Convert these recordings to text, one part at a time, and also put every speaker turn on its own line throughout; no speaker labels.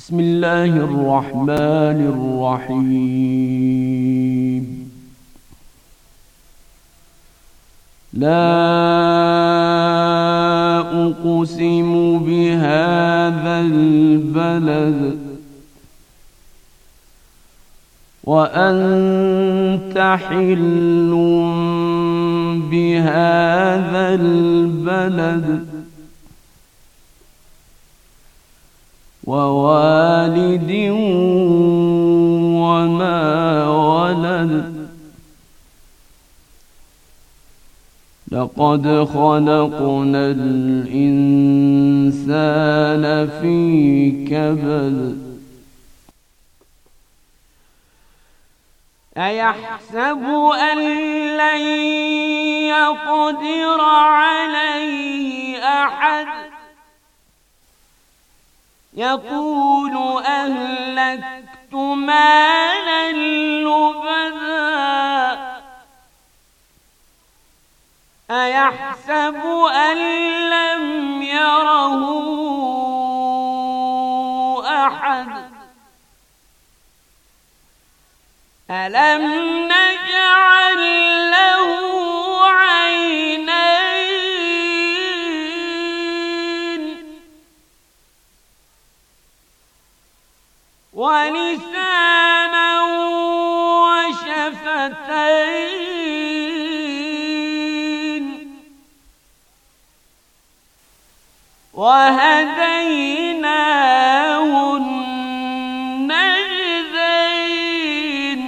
بسم الله الرحمن الرحيم لا أقسم بهذا البلد وأنت حل بهذا البلد ووالد وما ولد لقد خلقنا الإنسان في كبد أيحسب أن لن يقدر عليه أحد يقول أهلكت مالا لبدا أيحسب أن لم يره أحد ألم نجد ولسانا وشفتين وهديناه النجدين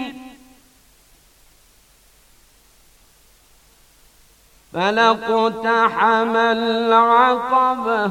فلقتحم العقبه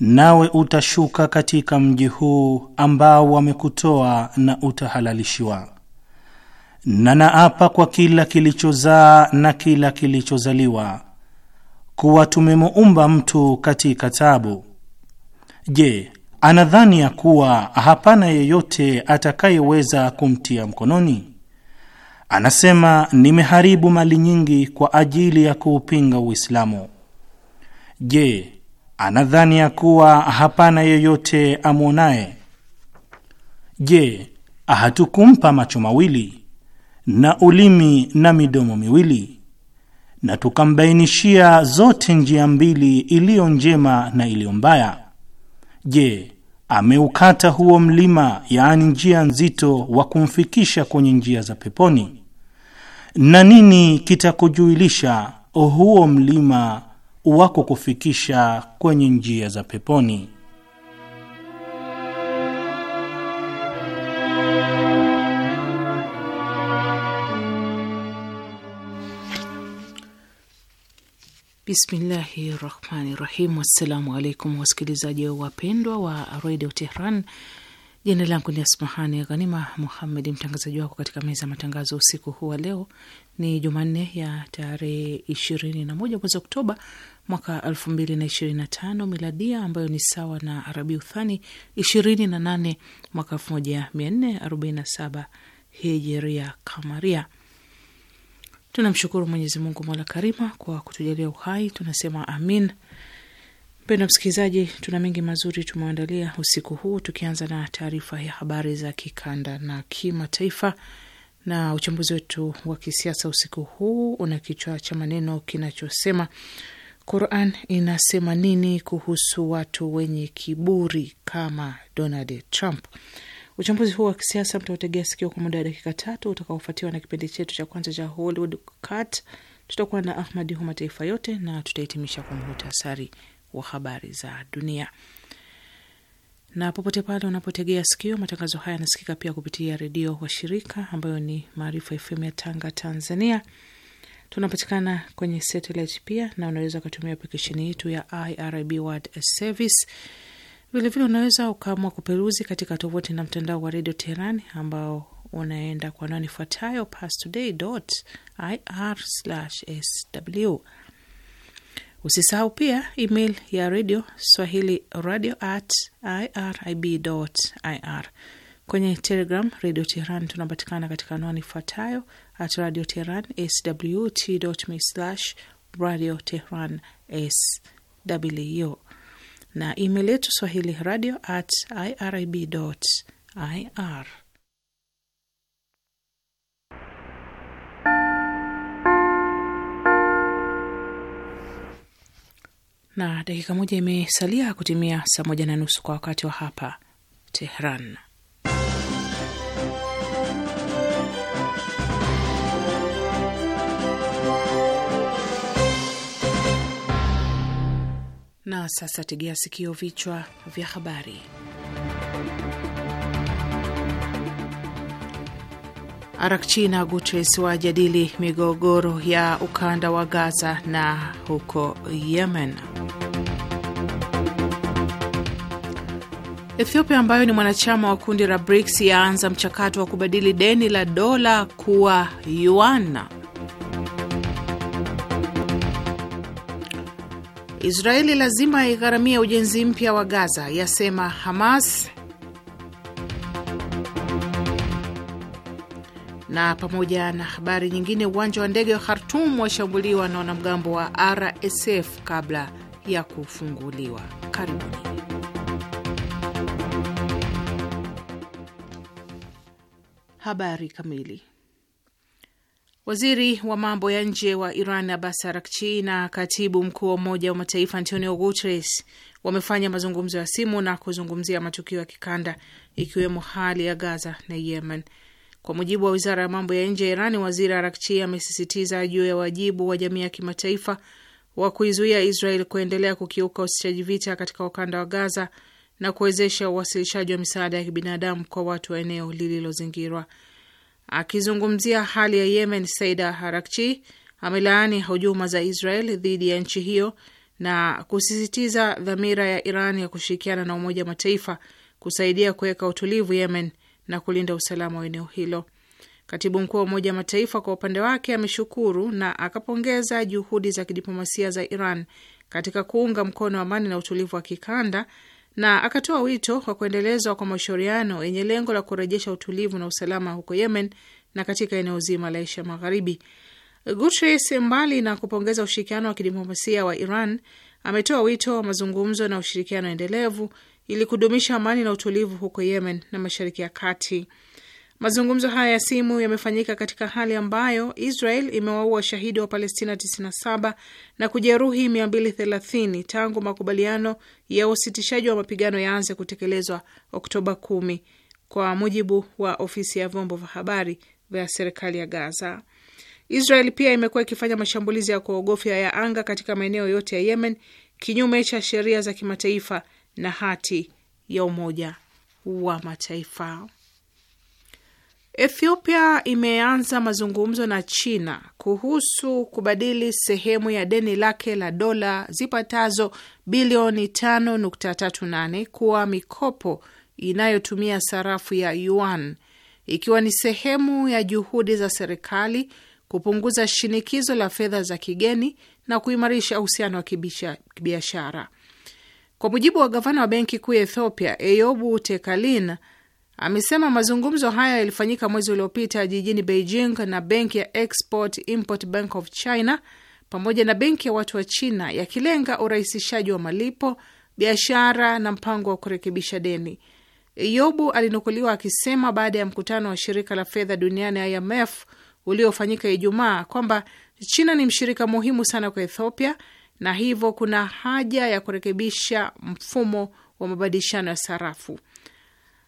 nawe utashuka katika mji huu ambao wamekutoa na utahalalishiwa. Na naapa kwa kila kilichozaa na kila kilichozaliwa kuwa tumemuumba mtu katika tabu. Je, anadhani ya kuwa hapana yeyote atakayeweza kumtia mkononi? Anasema, nimeharibu mali nyingi kwa ajili ya kuupinga Uislamu. Je, anadhani ya kuwa hapana yeyote amwonaye. Je, hatukumpa macho mawili na ulimi na midomo miwili na tukambainishia zote njia mbili, iliyo njema na iliyo mbaya? Je, ameukata huo mlima, yaani njia nzito, wa kumfikisha kwenye njia za peponi? Na nini kitakujuilisha huo mlima kufikisha kwenye njia za peponi.
Bismillahi rahmani rahim. Assalamu alaikum wasikilizaji wapendwa wa redio Tehran Jina langu ni Asmahani Ghanima muhammedi mtangazaji wako katika meza ya matangazo. Usiku huu wa leo ni Jumanne ya tarehe ishirini na moja mwezi Oktoba mwaka elfu mbili na ishirini na tano miladia, ambayo ni sawa na arabi uthani ishirini na nane mwaka elfu moja mia nne arobaini na saba hijeria kamaria. Tunamshukuru Mwenyezi Mungu mola karima kwa kutujalia uhai, tunasema amin Mpendwa msikilizaji, tuna mengi mazuri tumeandalia usiku huu, tukianza na taarifa ya habari za kikanda na kimataifa, na uchambuzi wetu wa kisiasa usiku huu una kichwa cha maneno kinachosema Quran inasema nini kuhusu watu wenye kiburi kama Donald Trump. Uchambuzi huu wa kisiasa mtautegea sikio kwa muda wa dakika tatu utakaofuatiwa na kipindi chetu cha kwanza cha Hollywood Cut. Tutakuwa na Ahmad hu mataifa yote na tutahitimisha kwa muhtasari wa habari za dunia. Na popote pale unapotegea sikio matangazo haya yanasikika pia kupitia redio wa shirika ambayo ni Maarifa FM ya Tanga, Tanzania. Tunapatikana kwenye satellite pia, na unaweza ukatumia aplikesheni yetu ya IRIB World Service. Vilevile unaweza ukaamua kuperuzi katika tovuti na mtandao wa redio Teheran ambao unaenda kwa anwani ifuatayo pastoday.ir/sw Usisahau pia email ya redio swahili radio at irib ir. Kwenye Telegram radio tehran tunapatikana katika anwani ifuatayo at radio teheran swt slash radio tehran sw, na email yetu swahili radio at irib ir na dakika moja imesalia kutimia saa moja na nusu kwa wakati wa hapa Tehran. Na sasa tegea sikio, vichwa vya habari. Arakchi na Gutres wajadili migogoro ya ukanda wa Gaza na huko Yemen. Ethiopia ambayo ni mwanachama wa kundi la BRICS yaanza mchakato wa kubadili deni la dola kuwa yuan. Israeli lazima igharamia ujenzi mpya wa Gaza, yasema Hamas. na pamoja na habari nyingine. Uwanja wa ndege wa Khartum washambuliwa na wanamgambo wa RSF kabla ya kufunguliwa. Karibuni habari kamili. Waziri wa mambo ya nje wa Iran Abbas Arakchi na katibu mkuu wa Umoja wa Mataifa Antonio Guterres wamefanya mazungumzo ya simu na kuzungumzia matukio ya kikanda ikiwemo hali ya Gaza na Yemen. Kwa mujibu wa wizara ya mambo ya nje ya Irani, waziri Arakchi amesisitiza juu ya wajibu wa jamii ya kimataifa wa kuizuia Israel kuendelea kukiuka usitishaji vita katika ukanda wa Gaza na kuwezesha uwasilishaji wa misaada ya kibinadamu kwa watu wa eneo lililozingirwa. Akizungumzia hali ya Yemen, Saida Harakchi amelaani hujuma za Israel dhidi ya nchi hiyo na kusisitiza dhamira ya Iran ya kushirikiana na Umoja wa Mataifa kusaidia kuweka utulivu Yemen na kulinda usalama wa eneo hilo. Katibu mkuu wa Umoja wa Mataifa kwa upande wake ameshukuru na akapongeza juhudi za kidiplomasia za Iran katika kuunga mkono amani na utulivu wa kikanda na akatoa wito wa kuendelezwa kwa mashauriano yenye lengo la kurejesha utulivu na usalama huko Yemen na katika eneo zima la Asia Magharibi. Guterres, mbali na kupongeza ushirikiano wa kidiplomasia wa Iran, ametoa wito wa mazungumzo na ushirikiano endelevu ili kudumisha amani na utulivu huko Yemen na Mashariki ya Kati. Mazungumzo haya ya simu yamefanyika katika hali ambayo Israel imewaua shahidi wa Palestina 97 na kujeruhi 230 tangu makubaliano ya usitishaji wa mapigano yaanze kutekelezwa Oktoba 10 kwa mujibu wa ofisi ya vyombo vya habari vya serikali ya Gaza. Israel pia imekuwa ikifanya mashambulizi ya kuogofya ya anga katika maeneo yote ya Yemen kinyume cha sheria za kimataifa na hati ya Umoja wa Mataifa. Ethiopia imeanza mazungumzo na China kuhusu kubadili sehemu ya deni lake la dola zipatazo bilioni 5.38 kuwa mikopo inayotumia sarafu ya yuan ikiwa ni sehemu ya juhudi za serikali kupunguza shinikizo la fedha za kigeni na kuimarisha uhusiano wa kibiashara. Kwa mujibu wa gavana wa benki kuu ya Ethiopia, Eyobu Tekalin amesema mazungumzo hayo yalifanyika mwezi uliopita jijini Beijing na benki ya Export Import Bank of China pamoja na benki ya watu wa China, yakilenga urahisishaji wa malipo, biashara na mpango wa kurekebisha deni. Eyobu alinukuliwa akisema baada ya mkutano wa shirika la fedha duniani IMF uliofanyika Ijumaa kwamba China ni mshirika muhimu sana kwa Ethiopia na hivyo kuna haja ya kurekebisha mfumo wa mabadilishano ya sarafu.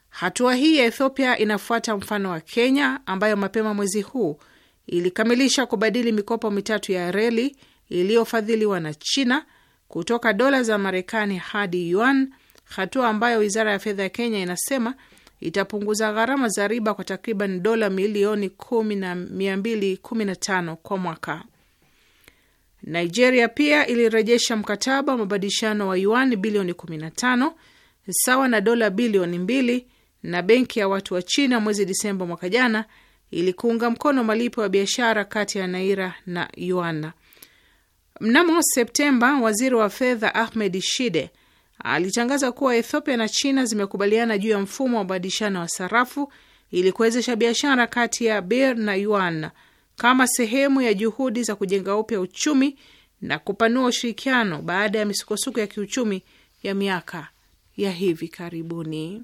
Hatua hii ya Ethiopia inafuata mfano wa Kenya ambayo mapema mwezi huu ilikamilisha kubadili mikopo mitatu ya reli iliyofadhiliwa na China kutoka dola za Marekani hadi yuan, hatua ambayo wizara ya fedha ya Kenya inasema itapunguza gharama za riba kwa takriban dola milioni kumi na mia mbili kumi na tano kwa mwaka. Nigeria pia ilirejesha mkataba wa mabadilishano wa yuan bilioni 15 sawa na dola bilioni mbili na benki ya watu wa China mwezi Disemba mwaka jana ili kuunga mkono malipo ya biashara kati ya naira na yuana. Mnamo Septemba, waziri wa fedha Ahmed Shide alitangaza kuwa Ethiopia na China zimekubaliana juu ya mfumo wa mabadilishano wa sarafu ili kuwezesha biashara kati ya birr na yuan kama sehemu ya juhudi za kujenga upya uchumi na kupanua ushirikiano baada ya misukosuko ya kiuchumi ya miaka ya hivi karibuni.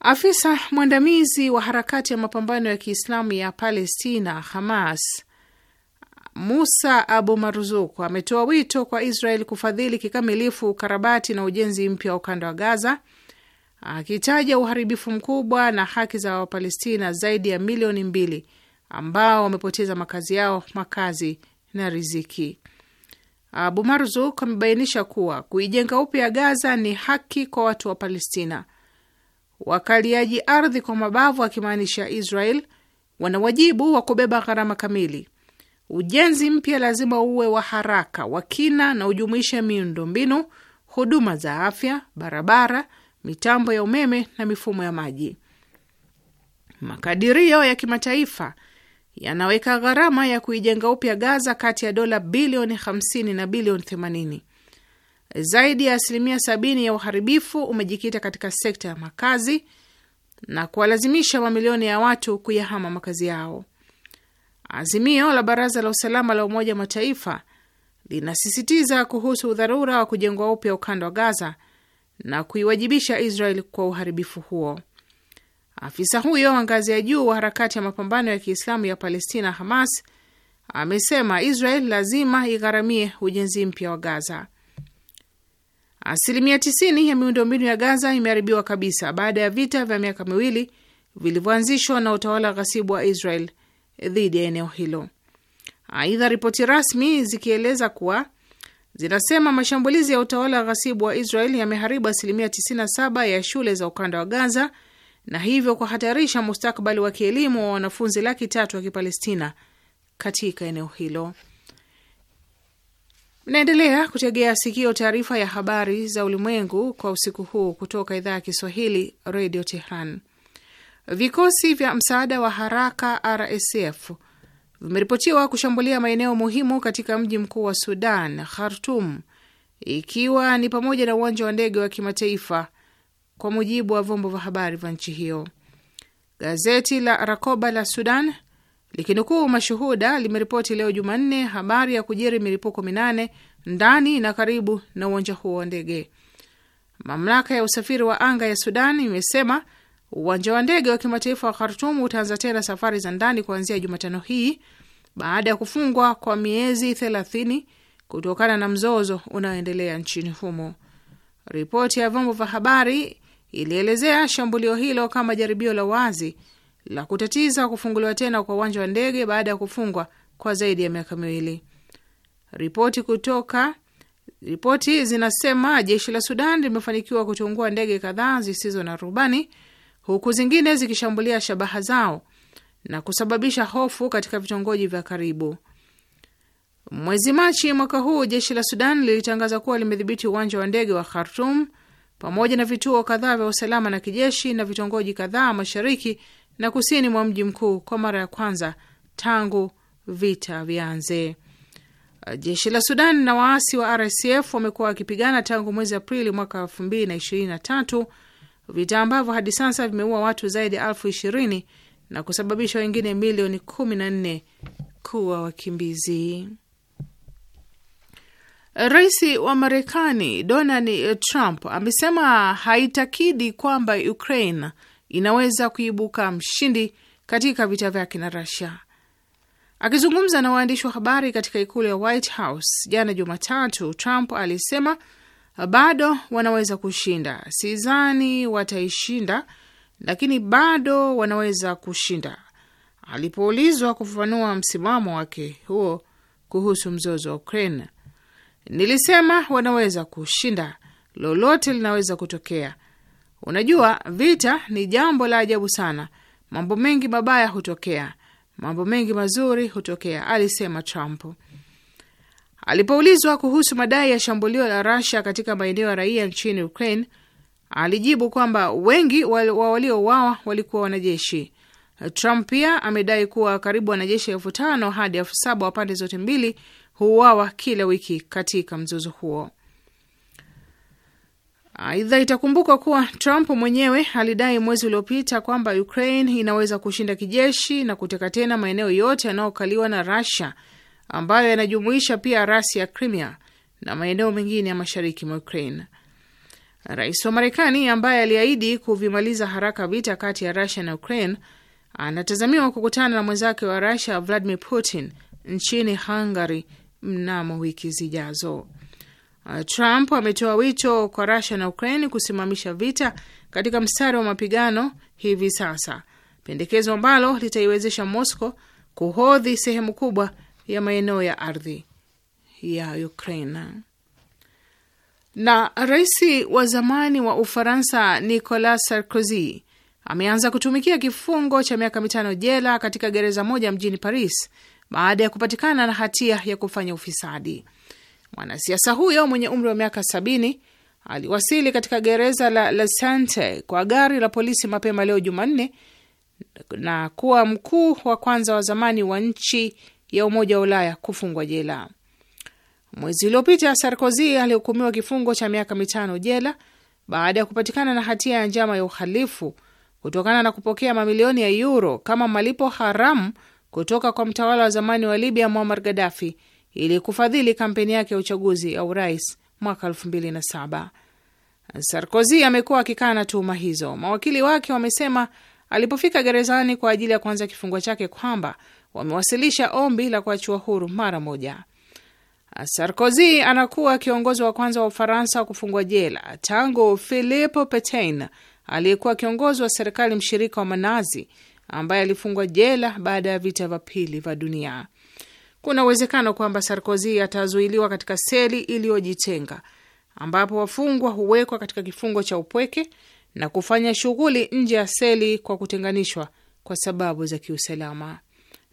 Afisa mwandamizi wa harakati ya mapambano ya Kiislamu ya Palestina Hamas Musa Abu Marzuk ametoa wito kwa Israel kufadhili kikamilifu ukarabati na ujenzi mpya wa ukanda wa Gaza, akitaja uharibifu mkubwa na haki za Wapalestina zaidi ya milioni mbili ambao wamepoteza makazi yao, makazi na riziki. Abu Marzuk amebainisha kuwa kuijenga upya Gaza ni haki kwa watu wa Palestina. Wakaliaji ardhi kwa mabavu, akimaanisha Israel, wana wajibu wa kubeba gharama kamili. Ujenzi mpya lazima uwe wa haraka, wa kina na ujumuishe mbinu huduma za afya, barabara, mitambo ya umeme na mifumo ya maji. Makadirio ya kimataifa yanaweka gharama ya kuijenga upya Gaza kati ya dola bilioni 50 na bilioni 80. Zaidi ya asilimia 70 ya uharibifu umejikita katika sekta ya makazi na kuwalazimisha mamilioni ya watu kuyahama makazi yao. Azimio la Baraza la Usalama la Umoja wa Mataifa linasisitiza kuhusu udharura wa kujengwa upya ukanda wa Gaza na kuiwajibisha Israel kwa uharibifu huo. Afisa huyo wa ngazi ya juu wa harakati ya mapambano ya Kiislamu ya Palestina, Hamas, amesema Israel lazima igharamie ujenzi mpya wa Gaza. Asilimia 90 ya miundombinu ya Gaza imeharibiwa kabisa baada ya vita vya miaka miwili vilivyoanzishwa na utawala ghasibu wa Israel dhidi ya eneo hilo. Aidha, ripoti rasmi zikieleza kuwa zinasema mashambulizi ya utawala ghasibu wa Israel yameharibu asilimia 97 ya shule za ukanda wa Gaza na hivyo kuhatarisha mustakbali wa kielimu wa wanafunzi laki tatu wa Kipalestina katika eneo hilo. Mnaendelea kutegea sikio taarifa ya habari za ulimwengu kwa usiku huu kutoka idhaa ya Kiswahili Radio Tehran. Vikosi vya msaada wa haraka RSF vimeripotiwa kushambulia maeneo muhimu katika mji mkuu wa Sudan, Khartum, ikiwa ni pamoja na uwanja wa ndege wa kimataifa kwa mujibu wa vyombo vya habari vya nchi hiyo. Gazeti la Rakoba la Sudan likinukuu mashuhuda limeripoti leo Jumanne habari ya kujiri milipuko minane ndani na karibu na uwanja huo wa ndege. Mamlaka ya usafiri wa anga ya Sudan imesema uwanja wa ndege wa kimataifa wa Khartum utaanza tena safari za ndani kuanzia Jumatano hii baada ya kufungwa kwa miezi 30 kutokana na mzozo unaoendelea nchini humo. Ripoti ya vyombo vya habari ilielezea shambulio hilo kama jaribio la wazi la kutatiza kufunguliwa tena kwa uwanja wa ndege baada ya kufungwa kwa zaidi ya miaka miwili. Ripoti kutoka ripoti zinasema jeshi la Sudan limefanikiwa kutungua ndege kadhaa zisizo na rubani, huku zingine zikishambulia shabaha zao na kusababisha hofu katika vitongoji vya karibu. Mwezi Machi mwaka huu jeshi la Sudan lilitangaza kuwa limedhibiti uwanja wa ndege wa Khartum pamoja na vituo kadhaa vya usalama na kijeshi na vitongoji kadhaa mashariki na kusini mwa mji mkuu kwa mara ya kwanza tangu vita vianze. Uh, jeshi la Sudan na waasi wa RSF wamekuwa wakipigana tangu mwezi Aprili mwaka elfu mbili na ishirini na tatu, vita ambavyo hadi sasa vimeua watu zaidi ya elfu ishirini na kusababisha wengine milioni kumi na nne kuwa wakimbizi. Rais wa Marekani Donald eh, Trump amesema haitakidi kwamba Ukraine inaweza kuibuka mshindi katika vita vyake na Russia. Akizungumza na waandishi wa habari katika ikulu ya White House jana Jumatatu, Trump alisema ah, bado wanaweza kushinda, sidhani wataishinda, lakini bado wanaweza kushinda, alipoulizwa kufafanua msimamo wake huo kuhusu mzozo wa Ukraine. Nilisema wanaweza kushinda, lolote linaweza kutokea. Unajua, vita ni jambo la ajabu sana. Mambo mengi mabaya hutokea, mambo mengi mazuri hutokea, alisema Trump alipoulizwa kuhusu madai ya shambulio la rasia katika maeneo ya raia nchini Ukraine. Alijibu kwamba wengi wa waliouawa walikuwa wanajeshi. Trump pia amedai kuwa karibu wanajeshi elfu tano hadi elfu saba wa pande zote mbili huuawa kila wiki katika mzozo huo. Aidha, itakumbuka kuwa Trump mwenyewe alidai mwezi uliopita kwamba Ukraine inaweza kushinda kijeshi na kuteka tena maeneo yote yanayokaliwa na Russia ambayo yanajumuisha pia rasi ya Crimea na maeneo mengine ya mashariki mwa Ukraine. Rais wa Marekani ambaye aliahidi kuvimaliza haraka vita kati ya Russia na Ukraine anatazamiwa kukutana na mwenzake wa Russia Vladimir Putin nchini Hungary mnamo wiki zijazo. Uh, Trump ametoa wito kwa rusia na ukrain kusimamisha vita katika mstari wa mapigano hivi sasa, pendekezo ambalo litaiwezesha Moscow kuhodhi sehemu kubwa ya maeneo ya ardhi ya Ukraine. Na rais wa zamani wa Ufaransa Nicolas Sarkozy ameanza kutumikia kifungo cha miaka mitano jela katika gereza moja mjini Paris baada ya kupatikana na hatia ya kufanya ufisadi. Mwanasiasa huyo mwenye umri wa miaka sabini aliwasili katika gereza la Lasante kwa gari la polisi mapema leo Jumanne na kuwa mkuu wa kwanza wa zamani wa nchi ya Umoja wa Ulaya kufungwa jela. Mwezi uliopita Sarkozy alihukumiwa kifungo cha miaka mitano jela baada ya kupatikana na hatia ya njama ya uhalifu kutokana na kupokea mamilioni ya yuro kama malipo haramu kutoka kwa mtawala wa zamani wa Libya Muammar Gaddafi ili kufadhili kampeni yake ya uchaguzi ya urais mwaka 2007. Sarkozy amekuwa akikaa na tuhuma hizo. Mawakili wake wamesema alipofika gerezani kwa ajili ya kuanza kifungwa chake kwamba wamewasilisha ombi la kuachiwa huru mara moja. Sarkozy anakuwa kiongozi wa kwanza wa Ufaransa kufungwa jela tangu Philippe Petain aliyekuwa kiongozi wa serikali mshirika wa Manazi ambaye alifungwa jela baada ya vita vya pili vya dunia. Kuna uwezekano kwamba Sarkozy atazuiliwa katika seli iliyojitenga ambapo wafungwa huwekwa katika kifungo cha upweke na kufanya shughuli nje ya seli kwa kutenganishwa kwa sababu za kiusalama.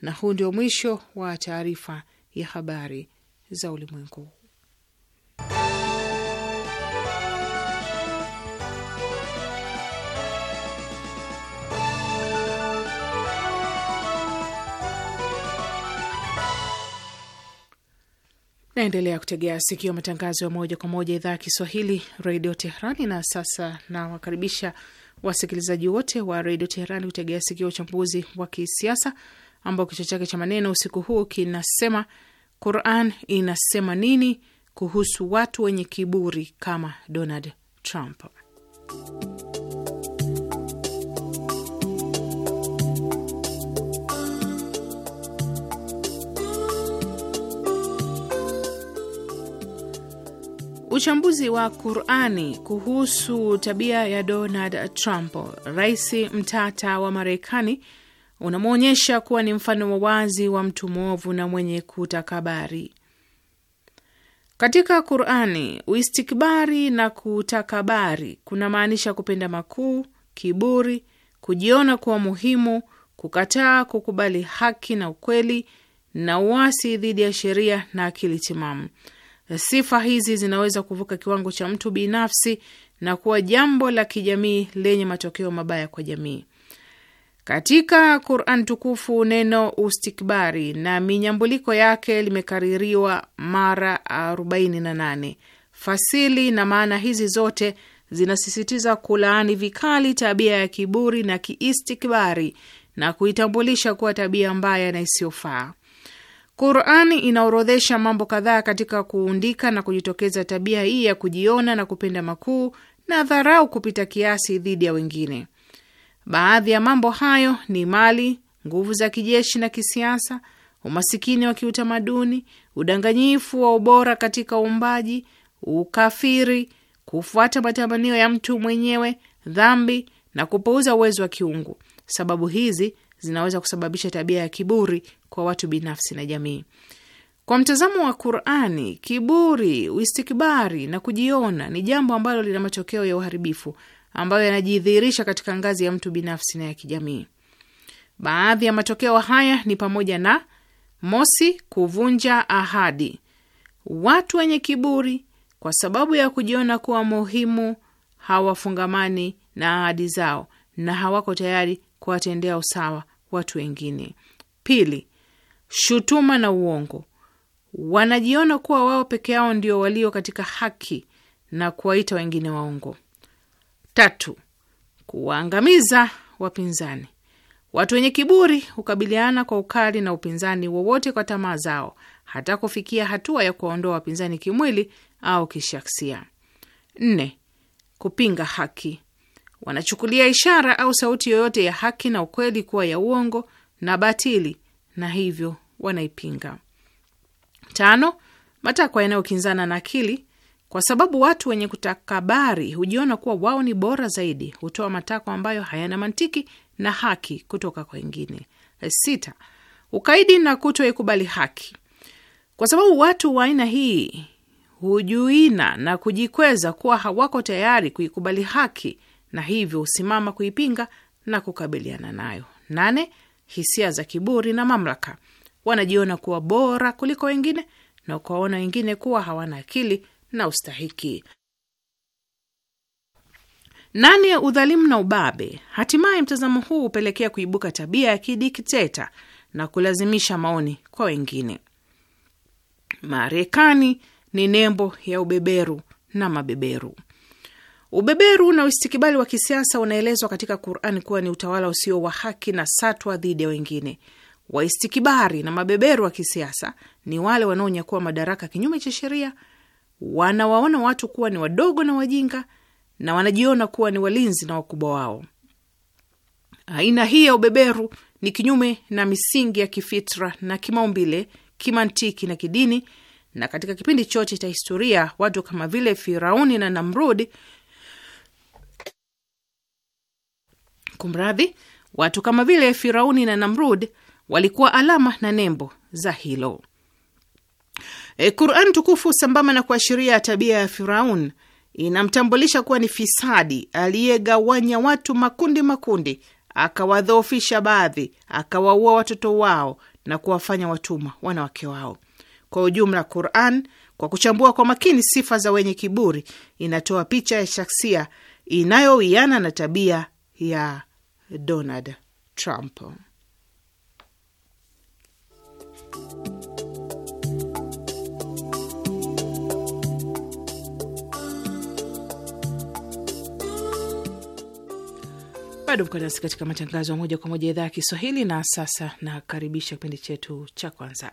Na huu ndio mwisho wa taarifa ya habari za ulimwengu. Naendelea kutegea sikio matangazo ya moja kwa moja idhaa ya Kiswahili redio Teherani. Na sasa nawakaribisha wasikilizaji wote wa redio Teherani kutegea sikio uchambuzi wa kisiasa ambao kichwa chake cha maneno usiku huu kinasema Quran inasema nini kuhusu watu wenye kiburi kama Donald Trump. Uchambuzi wa Qurani kuhusu tabia ya Donald Trump, rais mtata wa Marekani, unamwonyesha kuwa ni mfano wa wazi wa mtu mwovu na mwenye kutakabari. Katika Qurani, uistikbari na kutakabari kunamaanisha kupenda makuu, kiburi, kujiona kuwa muhimu, kukataa kukubali haki na ukweli, na uasi dhidi ya sheria na akili timamu. Sifa hizi zinaweza kuvuka kiwango cha mtu binafsi na kuwa jambo la kijamii lenye matokeo mabaya kwa jamii. Katika Quran tukufu neno ustikbari na minyambuliko yake limekaririwa mara 48. Fasili na maana hizi zote zinasisitiza kulaani vikali tabia ya kiburi na kiistikbari na kuitambulisha kuwa tabia mbaya na isiyofaa. Qurani inaorodhesha mambo kadhaa katika kuundika na kujitokeza tabia hii ya kujiona na kupenda makuu na dharau kupita kiasi dhidi ya wengine. Baadhi ya mambo hayo ni mali, nguvu za kijeshi na kisiasa, umasikini wa kiutamaduni, udanganyifu wa ubora katika uumbaji, ukafiri, kufuata matamanio ya mtu mwenyewe, dhambi na kupuuza uwezo wa kiungu. Sababu hizi zinaweza kusababisha tabia ya kiburi kwa watu binafsi na jamii. Kwa mtazamo wa Qurani, kiburi, uistikbari na kujiona ni jambo ambalo lina matokeo ya uharibifu ambayo yanajidhihirisha katika ngazi ya mtu binafsi na ya kijamii. Baadhi ya matokeo haya ni pamoja na mosi, kuvunja ahadi. Watu wenye kiburi kwa sababu ya kujiona kuwa muhimu hawafungamani na ahadi zao na hawako tayari kuwatendea usawa watu wengine. Pili, shutuma na uongo. Wanajiona kuwa wao peke yao ndio walio katika haki na kuwaita wengine waongo. Tatu, kuwaangamiza wapinzani. Watu wenye kiburi hukabiliana kwa ukali na upinzani wowote kwa tamaa zao, hata kufikia hatua ya kuwaondoa wapinzani kimwili au kishaksia. Nne, kupinga haki. Wanachukulia ishara au sauti yoyote ya haki na ukweli kuwa ya uongo na batili na hivyo wanaipinga. Tano, matakwa yanayokinzana na akili, kwa sababu watu wenye kutakabari hujiona kuwa wao ni bora zaidi, hutoa matakwa ambayo hayana mantiki na haki kutoka kwa wengine. Sita, ukaidi na kutoikubali haki, kwa sababu watu wa aina hii hujuina na kujikweza kuwa hawako tayari kuikubali haki na hivyo husimama kuipinga na kukabiliana nayo. Nane, hisia za kiburi na mamlaka. Wanajiona kuwa bora kuliko wengine na kuwaona wengine kuwa hawana akili na ustahiki. Nane, udhalimu na ubabe. Hatimaye mtazamo huu hupelekea kuibuka tabia ya kidikteta na kulazimisha maoni kwa wengine. Marekani ni nembo ya ubeberu na mabeberu. Ubeberu na uistikibali wa kisiasa unaelezwa katika Qur'an kuwa ni utawala usio wa haki na satwa dhidi ya wengine. Waistikibari na mabeberu wa kisiasa ni wale wanaonyakua madaraka kinyume cha sheria, wanawaona watu kuwa ni wadogo na wajinga, na wanajiona kuwa ni walinzi na wakubwa wao. Aina hii ya ubeberu ni kinyume na misingi ya kifitra na kimaumbile, kimantiki na kidini, na katika kipindi chote cha historia watu kama vile Firauni na Namrudi Kumradhi, watu kama vile Firauni na Namrud walikuwa alama na nembo za hilo. E, Quran tukufu sambamba na kuashiria tabia ya Firaun inamtambulisha kuwa ni fisadi aliyegawanya watu makundi makundi, akawadhoofisha baadhi, akawaua watoto wao na kuwafanya watumwa wanawake wao. Kwa ujumla, Quran kwa kuchambua kwa makini sifa za wenye kiburi inatoa picha ya shaksia inayowiana na tabia ya Donald Trump. Bado mko nasi katika matangazo ya moja kwa moja idhaa ya Kiswahili, na sasa nakaribisha kipindi chetu cha kwanza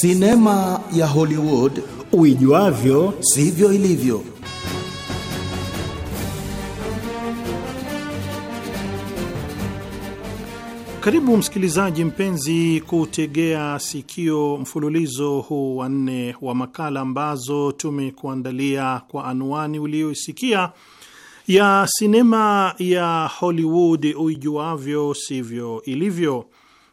Sinema ya Hollywood uijuavyo sivyo ilivyo.
Karibu msikilizaji mpenzi kutegea sikio mfululizo huu wa nne wa makala ambazo tumekuandalia kwa anwani uliyoisikia ya sinema ya Hollywood uijuavyo sivyo ilivyo.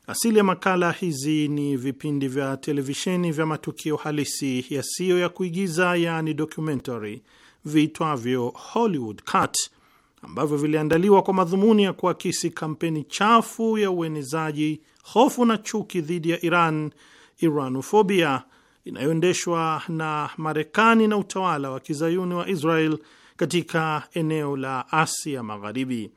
Asili ya makala hizi ni vipindi vya televisheni vya matukio halisi yasiyo ya kuigiza, yani documentary, viitwavyo Hollywood Cut, ambavyo viliandaliwa kwa madhumuni ya kuakisi kampeni chafu ya uenezaji hofu na chuki dhidi ya Iran, Iranofobia, inayoendeshwa na Marekani na utawala wa kizayuni wa Israel katika eneo la Asia Magharibi.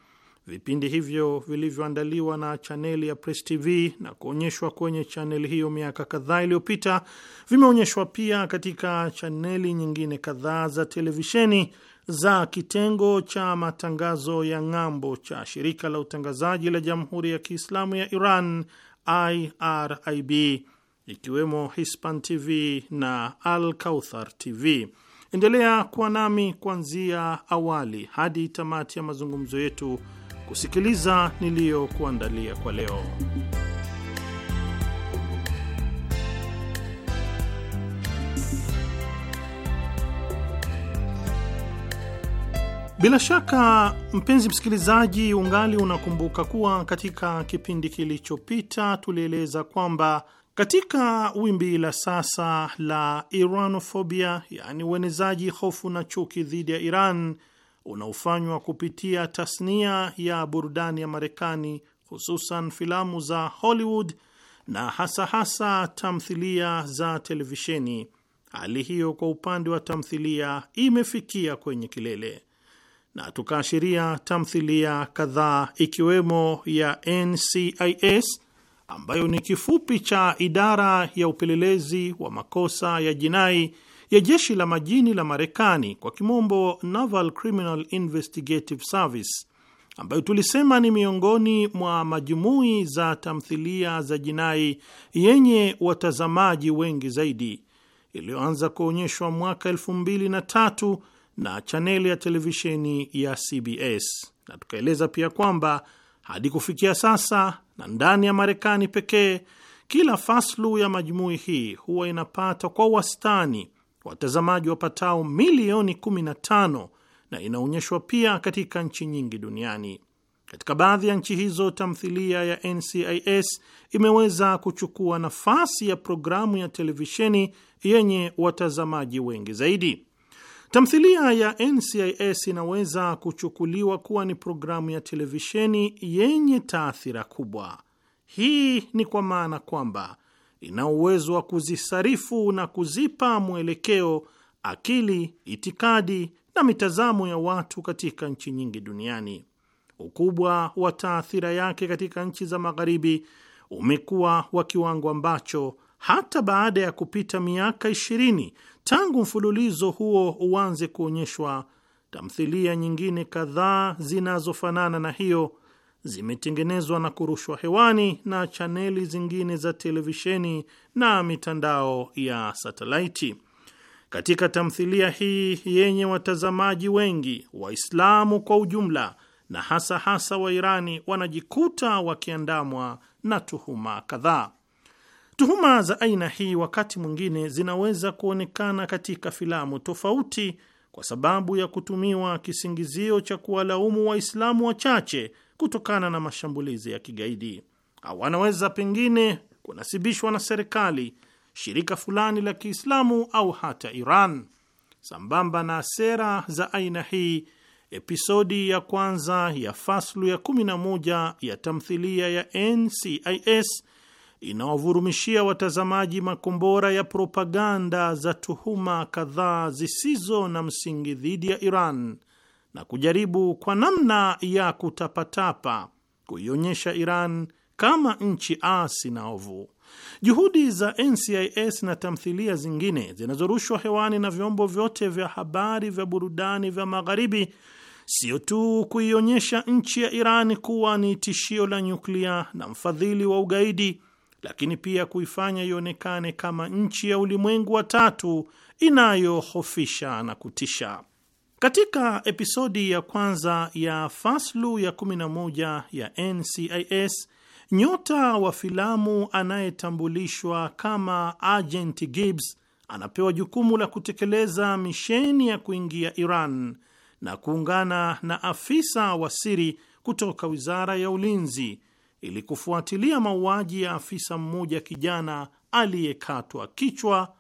Vipindi hivyo vilivyoandaliwa na chaneli ya Press TV na kuonyeshwa kwenye chaneli hiyo miaka kadhaa iliyopita vimeonyeshwa pia katika chaneli nyingine kadhaa za televisheni za kitengo cha matangazo ya ng'ambo cha shirika la utangazaji la Jamhuri ya Kiislamu ya Iran IRIB ikiwemo Hispan TV na Al Kauthar TV. Endelea kuwa nami kuanzia awali hadi tamati ya mazungumzo yetu kusikiliza niliyokuandalia kwa leo. Bila shaka mpenzi msikilizaji, ungali unakumbuka kuwa katika kipindi kilichopita tulieleza kwamba katika wimbi la sasa la Iranofobia, yaani uenezaji hofu na chuki dhidi ya Iran, unaofanywa kupitia tasnia ya burudani ya Marekani, hususan filamu za Hollywood na hasa hasa tamthilia za televisheni. Hali hiyo kwa upande wa tamthilia imefikia kwenye kilele, na tukaashiria tamthilia kadhaa ikiwemo ya NCIS ambayo ni kifupi cha idara ya upelelezi wa makosa ya jinai ya jeshi la majini la Marekani, kwa kimombo Naval Criminal Investigative Service, ambayo tulisema ni miongoni mwa majumui za tamthilia za jinai yenye watazamaji wengi zaidi iliyoanza kuonyeshwa mwaka elfu mbili na tatu na chaneli ya televisheni ya CBS, na tukaeleza pia kwamba hadi kufikia sasa na ndani ya Marekani pekee, kila faslu ya majumui hii huwa inapata kwa wastani watazamaji wapatao milioni 15 na inaonyeshwa pia katika nchi nyingi duniani. Katika baadhi ya nchi hizo, tamthilia ya NCIS imeweza kuchukua nafasi ya programu ya televisheni yenye watazamaji wengi zaidi. Tamthilia ya NCIS inaweza kuchukuliwa kuwa ni programu ya televisheni yenye taathira kubwa. Hii ni kwa maana kwamba ina uwezo wa kuzisarifu na kuzipa mwelekeo akili, itikadi na mitazamo ya watu katika nchi nyingi duniani. Ukubwa wa taathira yake katika nchi za Magharibi umekuwa wa kiwango ambacho hata baada ya kupita miaka ishirini tangu mfululizo huo uanze kuonyeshwa, tamthilia nyingine kadhaa zinazofanana na hiyo zimetengenezwa na kurushwa hewani na chaneli zingine za televisheni na mitandao ya satelaiti. Katika tamthilia hii yenye watazamaji wengi, Waislamu kwa ujumla na hasa hasa Wairani wanajikuta wakiandamwa na tuhuma kadhaa. Tuhuma za aina hii wakati mwingine zinaweza kuonekana katika filamu tofauti kwa sababu ya kutumiwa kisingizio cha kuwalaumu Waislamu wachache kutokana na mashambulizi ya kigaidi, au wanaweza pengine kunasibishwa na serikali, shirika fulani la Kiislamu au hata Iran. Sambamba na sera za aina hii, episodi ya kwanza ya faslu ya 11 ya tamthilia ya NCIS inawavurumishia watazamaji makombora ya propaganda za tuhuma kadhaa zisizo na msingi dhidi ya Iran na kujaribu kwa namna ya kutapatapa kuionyesha Iran kama nchi asi na ovu. Juhudi za NCIS na tamthilia zingine zinazorushwa hewani na vyombo vyote vya habari vya burudani vya Magharibi sio tu kuionyesha nchi ya Iran kuwa ni tishio la nyuklia na mfadhili wa ugaidi, lakini pia kuifanya ionekane kama nchi ya ulimwengu wa tatu inayohofisha na kutisha. Katika episodi ya kwanza ya faslu ya 11 ya NCIS, nyota wa filamu anayetambulishwa kama Agent Gibbs anapewa jukumu la kutekeleza misheni ya kuingia Iran na kuungana na afisa wa siri kutoka Wizara ya Ulinzi ili kufuatilia mauaji ya afisa mmoja kijana aliyekatwa kichwa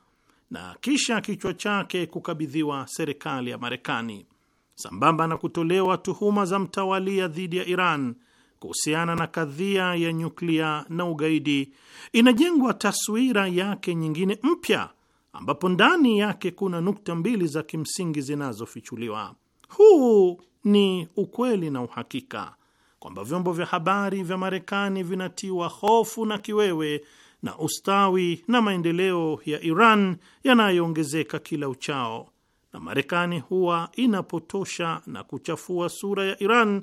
na kisha kichwa chake kukabidhiwa serikali ya Marekani, sambamba na kutolewa tuhuma za mtawalia dhidi ya Iran kuhusiana na kadhia ya nyuklia na ugaidi, inajengwa taswira yake nyingine mpya, ambapo ndani yake kuna nukta mbili za kimsingi zinazofichuliwa. Huu ni ukweli na uhakika kwamba vyombo vya habari vya Marekani vinatiwa hofu na kiwewe na ustawi na maendeleo ya Iran yanayoongezeka kila uchao, na Marekani huwa inapotosha na kuchafua sura ya Iran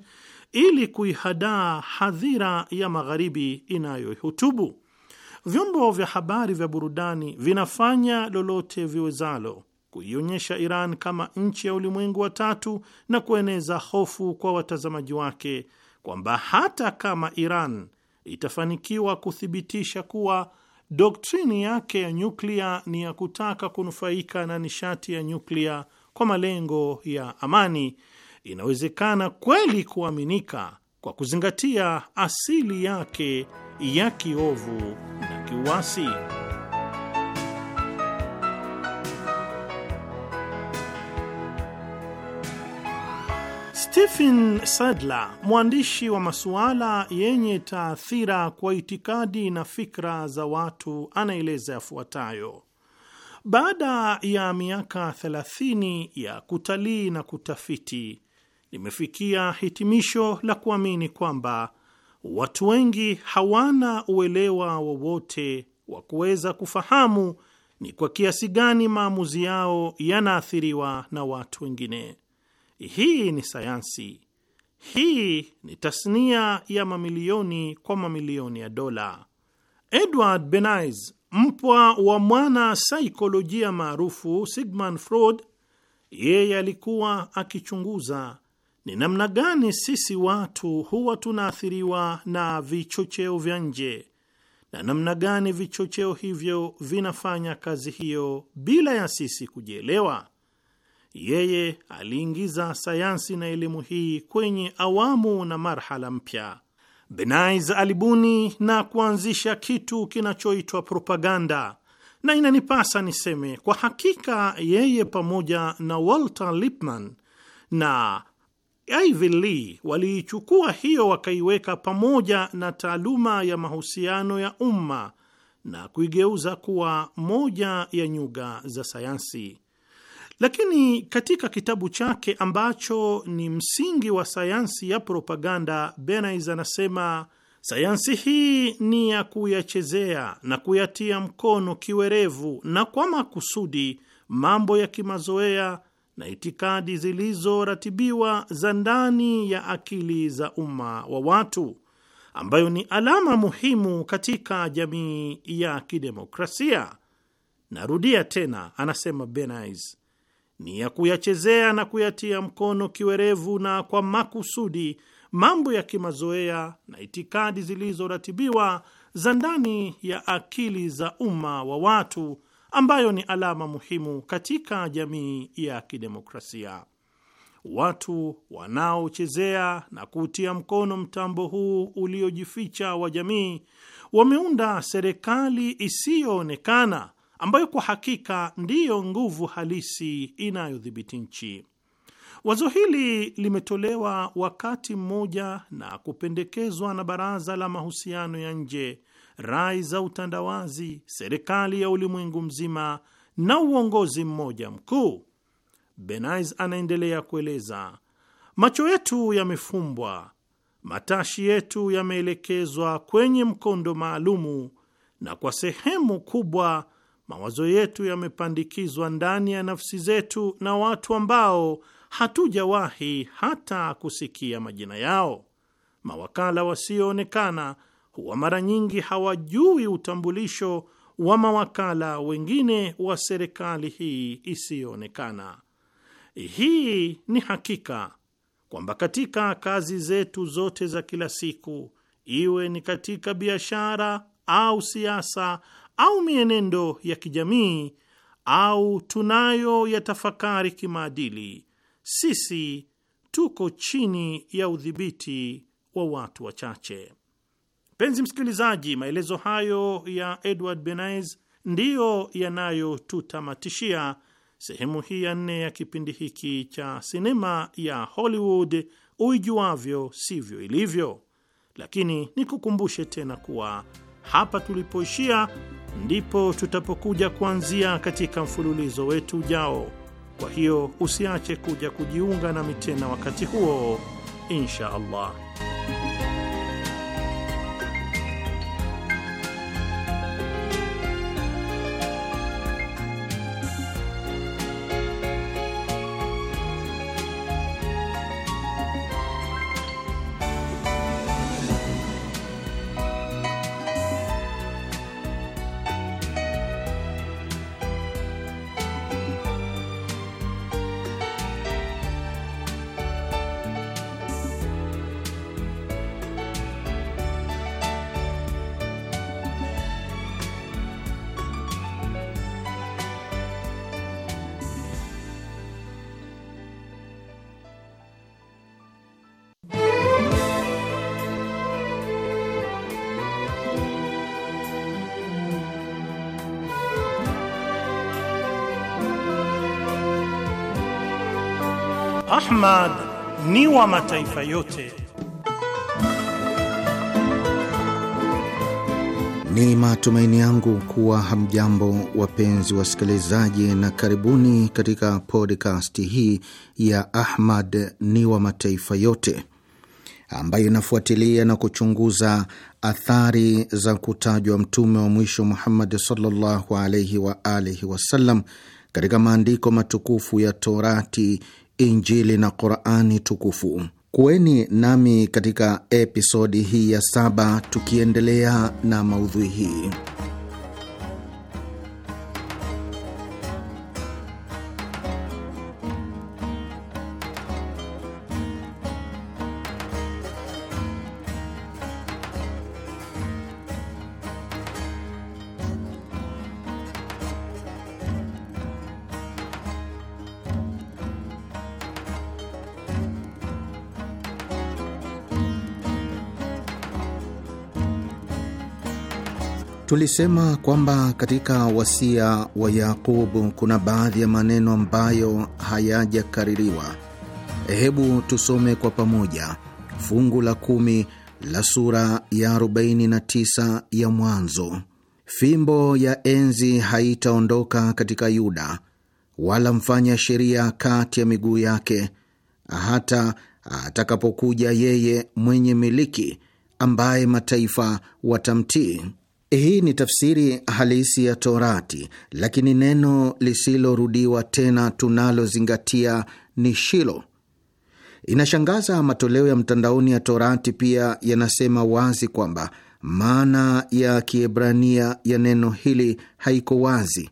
ili kuihadaa hadhira ya magharibi inayoihutubu. Vyombo vya habari vya burudani vinafanya lolote viwezalo kuionyesha Iran kama nchi ya ulimwengu wa tatu na kueneza hofu kwa watazamaji wake kwamba hata kama Iran itafanikiwa kuthibitisha kuwa doktrini yake ya nyuklia ni ya kutaka kunufaika na nishati ya nyuklia kwa malengo ya amani, inawezekana kweli kuaminika kwa kuzingatia asili yake ya kiovu na kiuasi. Stephen Sadler, mwandishi wa masuala yenye taathira kwa itikadi na fikra za watu, anaeleza yafuatayo: baada ya miaka 30 ya kutalii na kutafiti, nimefikia hitimisho la kuamini kwamba watu wengi hawana uelewa wowote wa kuweza kufahamu ni kwa kiasi gani maamuzi yao yanaathiriwa na watu wengine. Hii ni sayansi, hii ni tasnia ya mamilioni kwa mamilioni ya dola. Edward Bernays, mpwa wa mwana saikolojia maarufu Sigmund Freud, yeye alikuwa akichunguza ni namna gani sisi watu huwa tunaathiriwa na vichocheo vya nje na namna gani vichocheo hivyo vinafanya kazi hiyo bila ya sisi kujielewa. Yeye aliingiza sayansi na elimu hii kwenye awamu na marhala mpya. Benaiz alibuni na kuanzisha kitu kinachoitwa propaganda, na inanipasa niseme kwa hakika yeye pamoja na Walter Lippmann na Ivy Lee waliichukua hiyo wakaiweka pamoja na taaluma ya mahusiano ya umma na kuigeuza kuwa moja ya nyuga za sayansi. Lakini katika kitabu chake ambacho ni msingi wa sayansi ya propaganda, benis anasema sayansi hii ni ya kuyachezea na kuyatia mkono kiwerevu na kwa makusudi mambo ya kimazoea na itikadi zilizoratibiwa za ndani ya akili za umma wa watu, ambayo ni alama muhimu katika jamii ya kidemokrasia. Narudia tena, anasema Bernays ni ya kuyachezea na kuyatia mkono kiwerevu na kwa makusudi mambo ya kimazoea na itikadi zilizoratibiwa za ndani ya akili za umma wa watu ambayo ni alama muhimu katika jamii ya kidemokrasia. Watu wanaochezea na kuutia mkono mtambo huu uliojificha wa jamii wameunda serikali isiyoonekana ambayo kwa hakika ndiyo nguvu halisi inayodhibiti nchi. Wazo hili limetolewa wakati mmoja na kupendekezwa na Baraza la Mahusiano ya Nje, rai za utandawazi, serikali ya ulimwengu mzima na uongozi mmoja mkuu. Benais anaendelea kueleza, macho yetu yamefumbwa, matashi yetu yameelekezwa kwenye mkondo maalumu, na kwa sehemu kubwa mawazo yetu yamepandikizwa ndani ya nafsi zetu na watu ambao hatujawahi hata kusikia majina yao. Mawakala wasioonekana huwa mara nyingi hawajui utambulisho wa mawakala wengine wa serikali hii isiyoonekana. Hii ni hakika kwamba katika kazi zetu zote za kila siku, iwe ni katika biashara au siasa au mienendo ya kijamii au tunayo tafakari kimaadili, sisi tuko chini ya udhibiti wa watu wachache. Mpenzi msikilizaji, maelezo hayo ya Edward Bernays ndiyo yanayotutamatishia sehemu hii ya nne ya kipindi hiki cha sinema ya Hollywood uijuavyo sivyo ilivyo, lakini nikukumbushe tena kuwa hapa tulipoishia ndipo tutapokuja kuanzia katika mfululizo wetu ujao. Kwa hiyo usiache kuja kujiunga nami tena wakati huo, insha Allah. Muhammad ni wa mataifa yote.
Ni matumaini yangu kuwa hamjambo wapenzi wasikilizaji, na karibuni katika podcast hii ya Ahmad ni wa mataifa yote ambayo inafuatilia na kuchunguza athari za kutajwa mtume wa mwisho Muhammad sallallahu alaihi wa alihi wasallam katika maandiko matukufu ya Torati, Injili na Qurani tukufu. Kuweni nami katika episodi hii ya saba tukiendelea na maudhui hii. Tulisema kwamba katika wasia wa Yakubu kuna baadhi ya maneno ambayo hayajakaririwa. Hebu tusome kwa pamoja fungu la kumi la sura ya 49 ya Mwanzo: fimbo ya enzi haitaondoka katika Yuda, wala mfanya sheria kati ya miguu yake, hata atakapokuja yeye mwenye miliki, ambaye mataifa watamtii. Hii ni tafsiri halisi ya Torati, lakini neno lisilorudiwa tena tunalozingatia ni Shilo. Inashangaza, matoleo ya mtandaoni ya Torati pia yanasema wazi kwamba maana ya Kiebrania ya neno hili haiko wazi,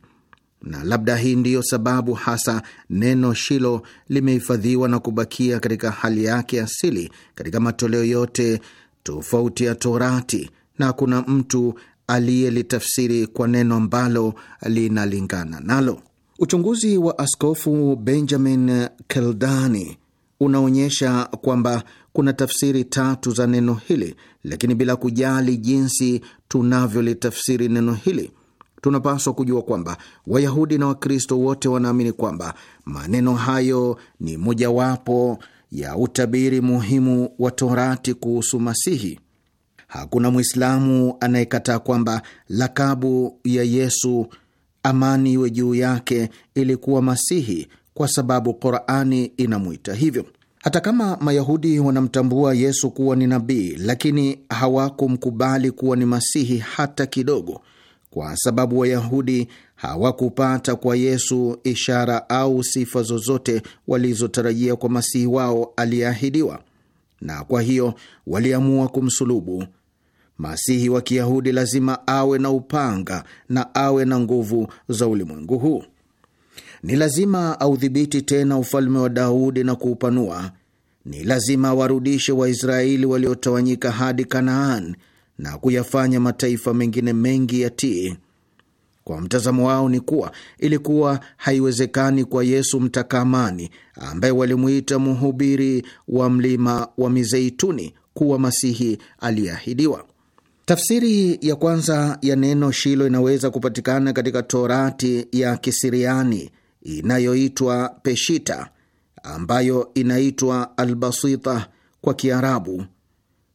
na labda hii ndiyo sababu hasa neno Shilo limehifadhiwa na kubakia katika hali yake asili katika matoleo yote tofauti ya Torati, na kuna mtu aliyelitafsiri kwa neno ambalo linalingana nalo. Uchunguzi wa Askofu Benjamin Keldani unaonyesha kwamba kuna tafsiri tatu za neno hili, lakini bila kujali jinsi tunavyolitafsiri neno hili, tunapaswa kujua kwamba Wayahudi na Wakristo wote wanaamini kwamba maneno hayo ni mojawapo ya utabiri muhimu wa Torati kuhusu Masihi. Hakuna Mwislamu anayekataa kwamba lakabu ya Yesu, amani iwe juu yake, ilikuwa Masihi kwa sababu Qurani inamwita hivyo. Hata kama Mayahudi wanamtambua Yesu kuwa ni nabii, lakini hawakumkubali kuwa ni Masihi hata kidogo, kwa sababu Wayahudi hawakupata kwa Yesu ishara au sifa zozote walizotarajia kwa Masihi wao aliyeahidiwa, na kwa hiyo waliamua kumsulubu Masihi wa Kiyahudi lazima awe na upanga na awe na nguvu za ulimwengu huu. Ni lazima audhibiti tena ufalme wa Daudi na kuupanua. Ni lazima awarudishe Waisraeli waliotawanyika hadi Kanaan na kuyafanya mataifa mengine mengi yatii. Kwa mtazamo wao ni kuwa ilikuwa haiwezekani kwa Yesu mtaka amani, ambaye walimuita mhubiri wa mlima wa Mizeituni, kuwa masihi aliyeahidiwa. Tafsiri ya kwanza ya neno Shilo inaweza kupatikana katika Torati ya Kisiriani inayoitwa Peshita, ambayo inaitwa Albasita kwa Kiarabu.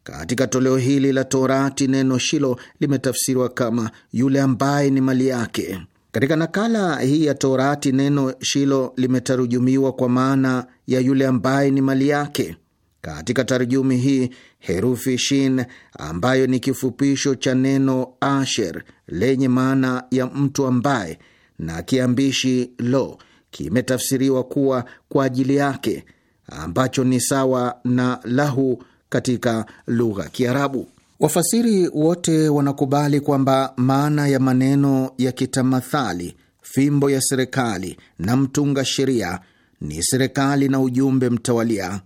Katika toleo hili la Torati, neno Shilo limetafsiriwa kama yule ambaye ni mali yake. Katika nakala hii ya Torati, neno Shilo limetarujumiwa kwa maana ya yule ambaye ni mali yake. Katika tarjumi hii herufi shin ambayo ni kifupisho cha neno asher lenye maana ya mtu ambaye, na kiambishi lo kimetafsiriwa kuwa kwa ajili yake, ambacho ni sawa na lahu katika lugha Kiarabu. Wafasiri wote wanakubali kwamba maana ya maneno ya kitamathali, fimbo ya serikali na mtunga sheria ni serikali na ujumbe mtawalia.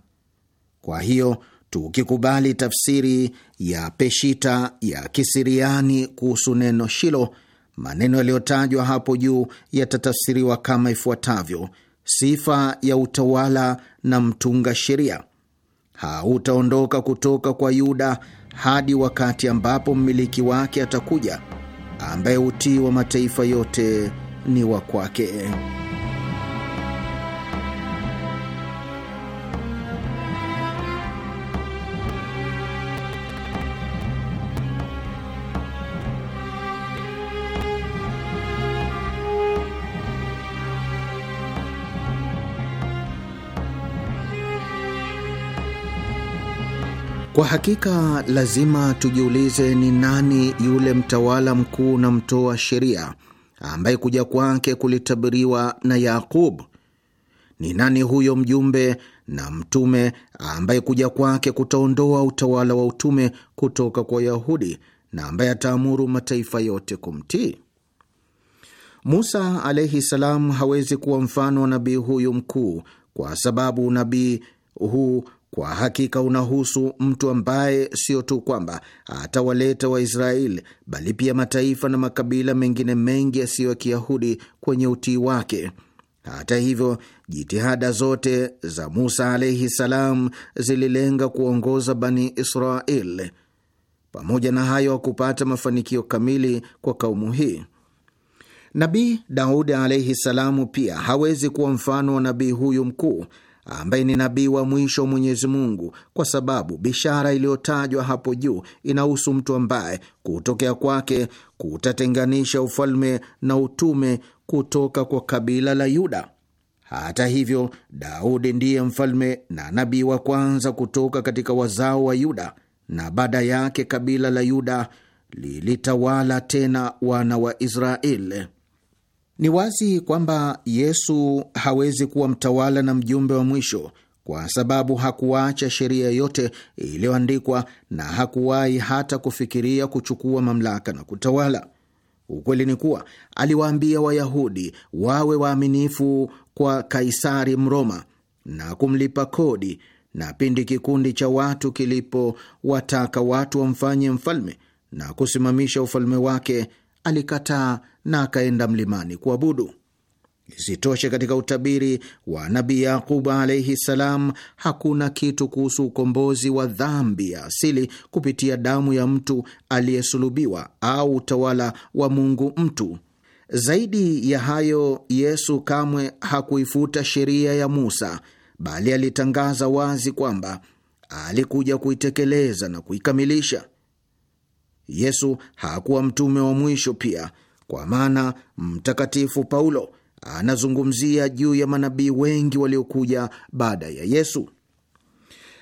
Kwa hiyo tukikubali tafsiri ya Peshita ya Kisiriani kuhusu neno Shilo, maneno yaliyotajwa hapo juu yatatafsiriwa kama ifuatavyo: sifa ya utawala na mtunga sheria hautaondoka kutoka kwa Yuda hadi wakati ambapo mmiliki wake atakuja, ambaye utii wa mataifa yote ni wa kwake. Kwa hakika lazima tujiulize, ni nani yule mtawala mkuu na mtoa sheria ambaye kuja kwake kulitabiriwa na Yakub? Ni nani huyo mjumbe na mtume ambaye kuja kwake kutaondoa utawala wa utume kutoka kwa Wayahudi na ambaye ataamuru mataifa yote kumtii? Musa alaihi salam hawezi kuwa mfano wa nabii huyu mkuu, kwa sababu nabii huu kwa hakika unahusu mtu ambaye sio tu kwamba atawaleta Waisraeli bali pia mataifa na makabila mengine mengi yasiyo ya Kiyahudi kwenye utii wake. Hata hivyo, jitihada zote za Musa alaihi salam zililenga kuongoza Bani Israel. Pamoja na hayo, hakupata mafanikio kamili kwa kaumu hii. Nabii Daudi alaihi salamu pia hawezi kuwa mfano wa nabii huyu mkuu ambaye ni nabii wa mwisho Mwenyezi Mungu, kwa sababu bishara iliyotajwa hapo juu inahusu mtu ambaye kutokea kwake kutatenganisha ufalme na utume kutoka kwa kabila la Yuda. Hata hivyo, Daudi ndiye mfalme na nabii wa kwanza kutoka katika wazao wa Yuda, na baada yake kabila la Yuda lilitawala tena wana wa Israeli. Ni wazi kwamba Yesu hawezi kuwa mtawala na mjumbe wa mwisho kwa sababu hakuacha sheria yote iliyoandikwa na hakuwahi hata kufikiria kuchukua mamlaka na kutawala. Ukweli ni kuwa aliwaambia Wayahudi wawe waaminifu kwa Kaisari Mroma na kumlipa kodi, na pindi kikundi cha watu kilipowataka watu wamfanye mfalme na kusimamisha ufalme wake, alikataa na akaenda mlimani kuabudu. Isitoshe, katika utabiri wa Nabii yaqubu alaihi salam hakuna kitu kuhusu ukombozi wa dhambi ya asili kupitia damu ya mtu aliyesulubiwa au utawala wa Mungu mtu. Zaidi ya hayo, Yesu kamwe hakuifuta sheria ya Musa, bali alitangaza wazi kwamba alikuja kuitekeleza na kuikamilisha. Yesu hakuwa mtume wa mwisho pia kwa maana Mtakatifu Paulo anazungumzia juu ya manabii wengi waliokuja baada ya Yesu.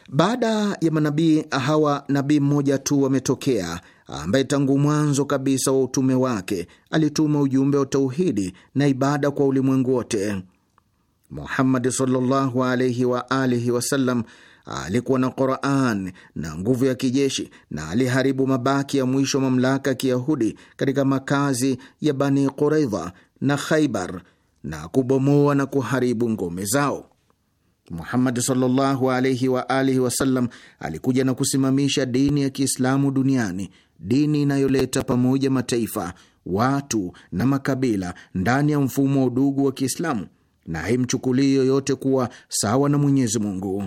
Baada ya manabii hawa, nabii mmoja tu wametokea ambaye tangu mwanzo kabisa wa utume wake alituma ujumbe wa tauhidi na ibada kwa ulimwengu wote. Muhammadi sallallahu alaihi wa alihi wasallam alikuwa na Qur'an na nguvu ya kijeshi na aliharibu mabaki ya mwisho wa mamlaka ya Kiyahudi katika makazi ya Bani Quraidha na Khaibar na kubomoa na kuharibu ngome zao. Muhammad sallallahu wa alihi wasallam alikuja na kusimamisha dini ya Kiislamu duniani, dini inayoleta pamoja mataifa, watu na makabila ndani ya mfumo wa udugu wa Kiislamu na haimchukulii yoyote kuwa sawa na Mwenyezi Mungu.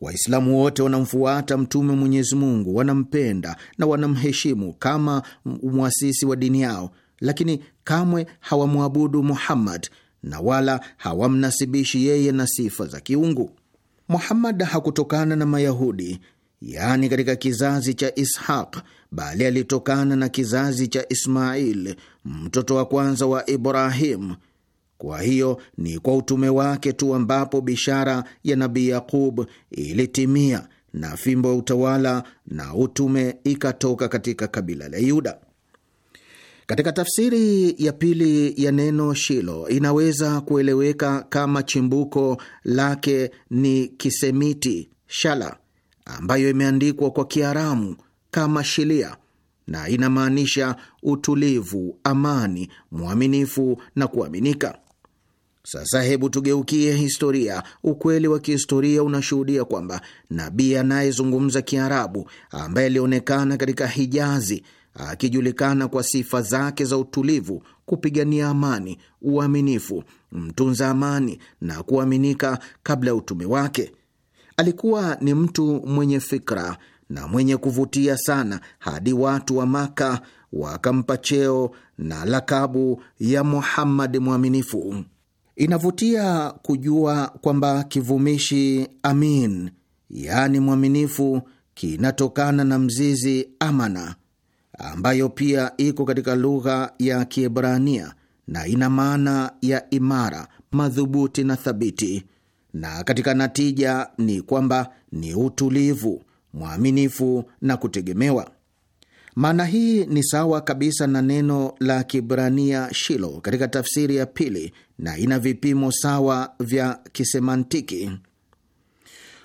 Waislamu wote wanamfuata Mtume Mwenyezi Mungu, wanampenda na wanamheshimu kama mwasisi wa dini yao, lakini kamwe hawamwabudu Muhammad na wala hawamnasibishi yeye na sifa za kiungu. Muhammad hakutokana na Mayahudi, yaani katika kizazi cha Ishaq, bali alitokana na kizazi cha Ismail, mtoto wa kwanza wa Ibrahim kwa hiyo ni kwa utume wake tu ambapo bishara ya Nabii Yaqub ilitimia na fimbo ya utawala na utume ikatoka katika kabila la Yuda. Katika tafsiri ya pili ya neno Shilo inaweza kueleweka kama chimbuko lake ni Kisemiti shala, ambayo imeandikwa kwa Kiaramu kama shilia na inamaanisha utulivu, amani, mwaminifu na kuaminika. Sasa hebu tugeukie historia. Ukweli wa kihistoria unashuhudia kwamba nabii anayezungumza Kiarabu ambaye alionekana katika Hijazi akijulikana kwa sifa zake za utulivu, kupigania amani, uaminifu, mtunza amani na kuaminika, kabla ya utume wake alikuwa ni mtu mwenye fikra na mwenye kuvutia sana, hadi watu wa Maka wakampa cheo na lakabu ya Muhammad mwaminifu. Inavutia kujua kwamba kivumishi amin, yaani mwaminifu, kinatokana na mzizi amana, ambayo pia iko katika lugha ya Kiebrania na ina maana ya imara, madhubuti na thabiti, na katika natija ni kwamba ni utulivu, mwaminifu na kutegemewa. Maana hii ni sawa kabisa na neno la Kibrania shilo katika tafsiri ya pili na ina vipimo sawa vya kisemantiki.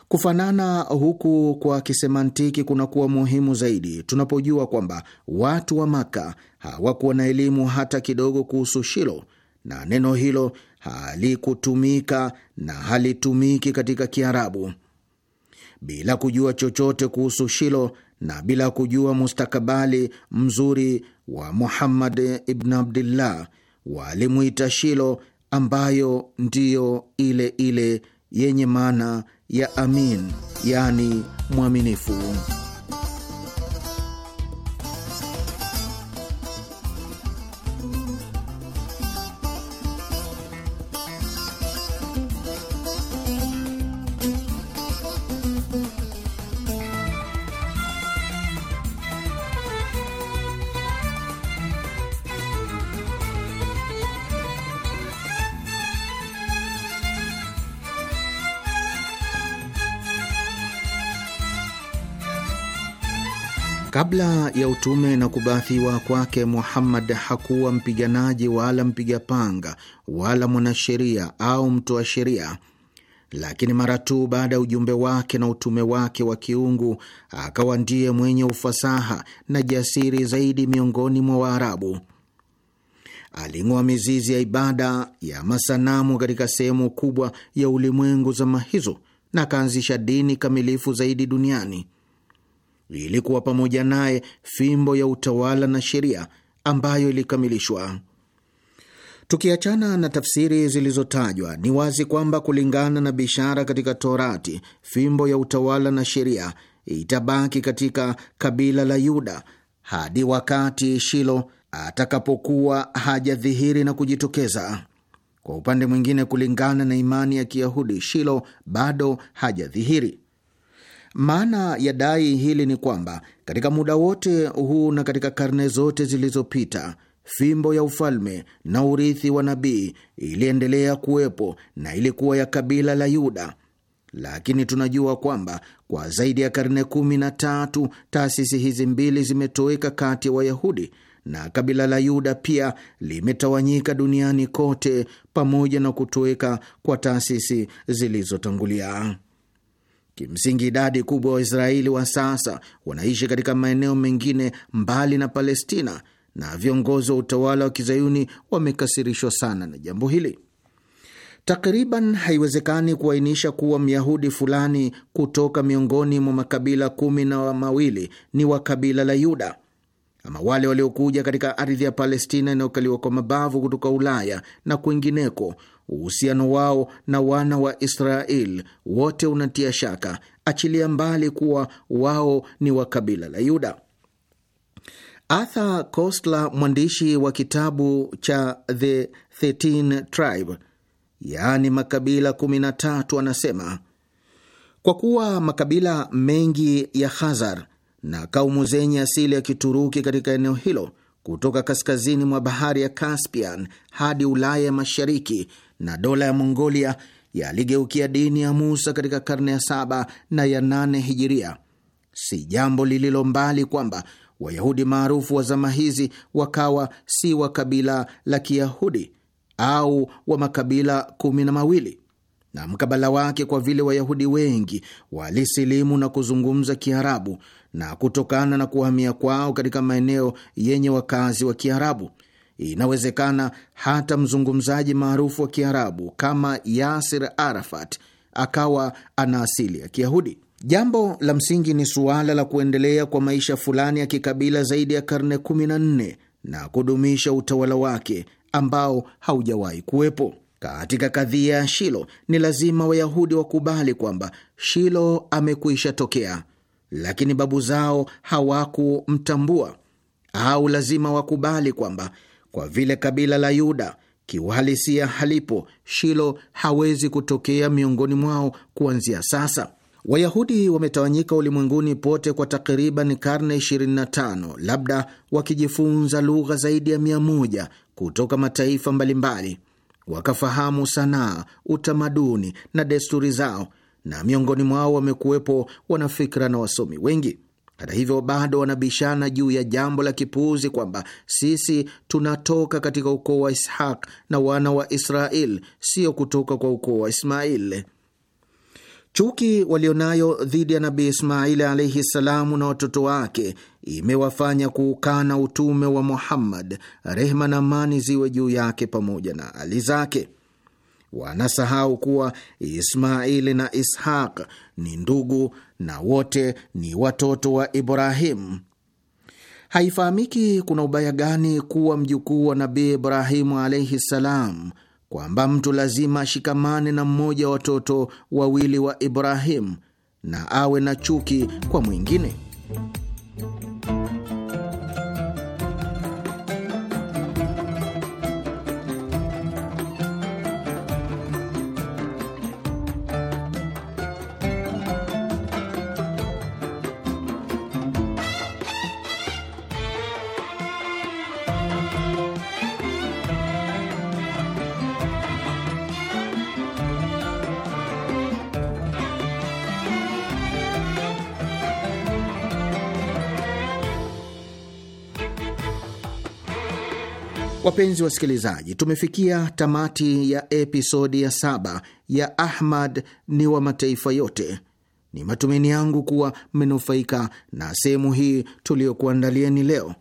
Kufanana huku kwa kisemantiki kunakuwa muhimu zaidi tunapojua kwamba watu wa Maka hawakuwa na elimu hata kidogo kuhusu Shilo, na neno hilo halikutumika na halitumiki katika Kiarabu. Bila kujua chochote kuhusu Shilo na bila kujua mustakabali mzuri wa Muhammad ibn Abdillah, walimwita Shilo ambayo ndiyo ile ile yenye maana ya amin, yani mwaminifu. Kabla ya utume na kubaathiwa kwake, Muhammad hakuwa mpiganaji wala mpiga panga wala mwanasheria au mtoa sheria, lakini mara tu baada ya ujumbe wake na utume wake wa kiungu akawa ndiye mwenye ufasaha na jasiri zaidi miongoni mwa Waarabu. Aling'oa mizizi ya ibada ya masanamu katika sehemu kubwa ya ulimwengu zama hizo na akaanzisha dini kamilifu zaidi duniani ilikuwa pamoja naye fimbo ya utawala na sheria ambayo ilikamilishwa. Tukiachana na tafsiri zilizotajwa, ni wazi kwamba kulingana na bishara katika Torati, fimbo ya utawala na sheria itabaki katika kabila la Yuda hadi wakati Shilo atakapokuwa hajadhihiri na kujitokeza. Kwa upande mwingine, kulingana na imani ya Kiyahudi, Shilo bado hajadhihiri. Maana ya dai hili ni kwamba katika muda wote huu na katika karne zote zilizopita fimbo ya ufalme na urithi wa nabii iliendelea kuwepo na ilikuwa ya kabila la Yuda, lakini tunajua kwamba kwa zaidi ya karne kumi na tatu taasisi hizi mbili zimetoweka kati ya Wayahudi na kabila la Yuda pia limetawanyika duniani kote, pamoja na kutoweka kwa taasisi zilizotangulia. Kimsingi, idadi kubwa ya Waisraeli wa sasa wanaishi katika maeneo mengine mbali na Palestina, na viongozi wa utawala wa kizayuni wamekasirishwa sana na jambo hili. Takriban haiwezekani kuainisha kuwa Myahudi fulani kutoka miongoni mwa makabila kumi na mawili ni wa kabila la Yuda ama wale waliokuja katika ardhi ya Palestina inayokaliwa kwa mabavu kutoka Ulaya na kwingineko Uhusiano wao na wana wa Israel wote unatia shaka, achilia mbali kuwa wao ni wa kabila la Yuda. Arthur Koestler, mwandishi wa kitabu cha The 13 Tribe, yaani makabila 13, anasema kwa kuwa makabila mengi ya Khazar na kaumu zenye asili ya Kituruki katika eneo hilo kutoka kaskazini mwa bahari ya Caspian hadi Ulaya ya Mashariki, na dola ya Mongolia yaligeukia dini ya Musa katika karne ya saba na ya nane hijiria. Si jambo lililo mbali kwamba Wayahudi maarufu wa zama hizi wakawa si wa kabila la Kiyahudi au wa makabila kumi na mawili na mkabala wake, kwa vile Wayahudi wengi walisilimu na kuzungumza Kiarabu na kutokana na kuhamia kwao katika maeneo yenye wakazi wa Kiarabu, inawezekana hata mzungumzaji maarufu wa Kiarabu kama Yasir Arafat akawa ana asili ya Kiyahudi. Jambo la msingi ni suala la kuendelea kwa maisha fulani ya kikabila zaidi ya karne 14 na kudumisha utawala wake ambao haujawahi kuwepo. Katika kadhia ya Shilo, ni lazima Wayahudi wakubali kwamba Shilo amekwisha tokea lakini babu zao hawakumtambua au lazima wakubali kwamba kwa vile kabila la Yuda kiuhalisia halipo, Shilo hawezi kutokea miongoni mwao kuanzia sasa. Wayahudi wametawanyika ulimwenguni pote kwa takriban karne 25, labda wakijifunza lugha zaidi ya 100 kutoka mataifa mbalimbali, wakafahamu sanaa, utamaduni na desturi zao na miongoni mwao wamekuwepo wanafikra na wasomi wengi. Hata hivyo, bado wanabishana juu ya jambo la kipuuzi kwamba sisi tunatoka katika ukoo wa Ishaq na wana wa Israel, sio kutoka kwa ukoo wa Ismail. Chuki walionayo dhidi ya Nabii Ismaili alaihi ssalamu na watoto wake imewafanya kuukana utume wa Muhammad, rehma na amani ziwe juu yake pamoja na ali zake wanasahau kuwa Ismaili na Ishaq ni ndugu na wote ni watoto wa Ibrahimu. Haifahamiki kuna ubaya gani kuwa mjukuu wa Nabii Ibrahimu alaihi salam, kwamba mtu lazima ashikamane na mmoja wa watoto wawili wa Ibrahimu na awe na chuki kwa mwingine. Wapenzi wasikilizaji, tumefikia tamati ya episodi ya saba ya Ahmad ni wa mataifa yote. Ni matumaini yangu kuwa mmenufaika na sehemu hii tuliyokuandalieni leo,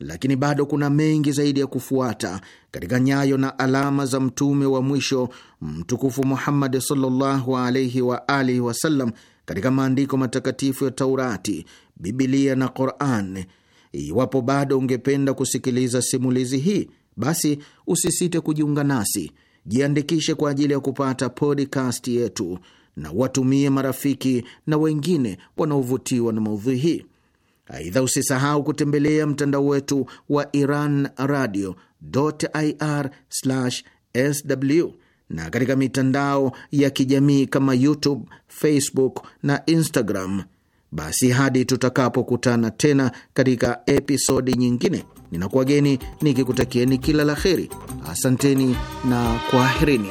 lakini bado kuna mengi zaidi ya kufuata katika nyayo na alama za mtume wa mwisho mtukufu Muhammad sallallahu alaihi wa alihi wasallam katika maandiko matakatifu ya Taurati, Bibilia na Qurani Iwapo bado ungependa kusikiliza simulizi hii, basi usisite kujiunga nasi. Jiandikishe kwa ajili ya kupata podcast yetu na watumie marafiki na wengine wanaovutiwa na maudhui hii. Aidha, usisahau kutembelea mtandao wetu wa Iran Radio ir sw na katika mitandao ya kijamii kama YouTube, Facebook na Instagram basi hadi tutakapokutana tena katika episodi nyingine, ninakuwageni nikikutakieni kila la heri. Asanteni na kwaherini.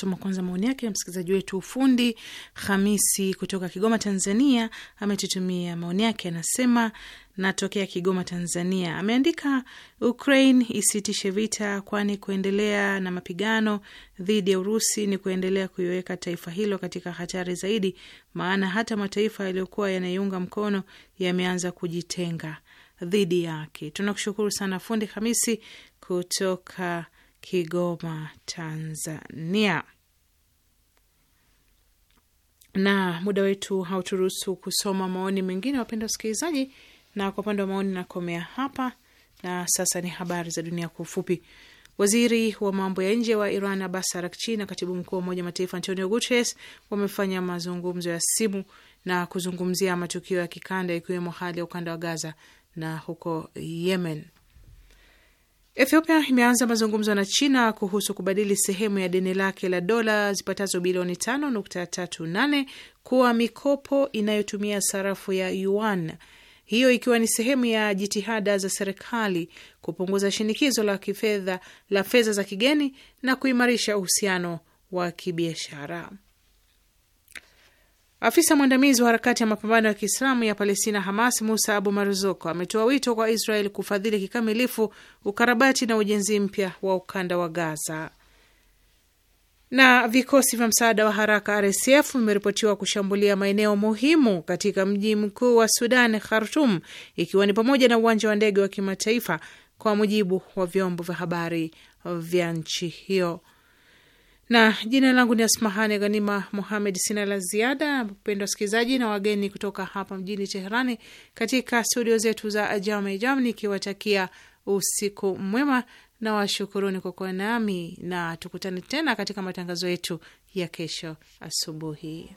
Tunasoma kwanza maoni yake msikilizaji wetu ufundi Hamisi kutoka Kigoma, Tanzania. Ametutumia maoni yake, anasema natokea Kigoma, Tanzania. Ameandika, Ukraine isitishe vita, kwani kuendelea na mapigano dhidi ya Urusi ni kuendelea kuiweka taifa hilo katika hatari zaidi, maana hata mataifa yaliyokuwa yanaiunga mkono yameanza kujitenga dhidi yake. Tunakushukuru sana fundi Hamisi kutoka Kigoma, Tanzania. Na muda wetu hauturuhusu kusoma maoni mengine, wapenda wasikilizaji, na kwa upande wa maoni nakomea hapa. Na sasa ni habari za dunia kwa ufupi. Waziri wa mambo ya nje wa Iran Abbas Arakchi na katibu mkuu wa Umoja Mataifa Antonio Guterres wamefanya mazungumzo ya simu na kuzungumzia matukio ya kikanda ikiwemo hali ya ukanda wa Gaza na huko Yemen. Ethiopia imeanza mazungumzo na China kuhusu kubadili sehemu ya deni lake la dola zipatazo bilioni 5.38 kuwa mikopo inayotumia sarafu ya yuan, hiyo ikiwa ni sehemu ya jitihada za serikali kupunguza shinikizo la kifedha la fedha za kigeni na kuimarisha uhusiano wa kibiashara. Afisa mwandamizi wa harakati ya mapambano ya Kiislamu ya Palestina, Hamas, Musa Abu marzuko ametoa wito kwa Israel kufadhili kikamilifu ukarabati na ujenzi mpya wa ukanda wa Gaza. Na vikosi vya msaada wa haraka RSF vimeripotiwa kushambulia maeneo muhimu katika mji mkuu wa Sudan, Khartum, ikiwa ni pamoja na uwanja wa ndege wa kimataifa, kwa mujibu wa vyombo vya habari vya nchi hiyo na jina langu ni Asmahani Ghanima Muhamed. Sina la ziada, mpendwa wasikilizaji na wageni kutoka hapa mjini Teherani katika studio zetu za Jame Jam, nikiwatakia usiku mwema na washukuruni kwa kuwa nami, na tukutane tena katika matangazo yetu ya kesho asubuhi.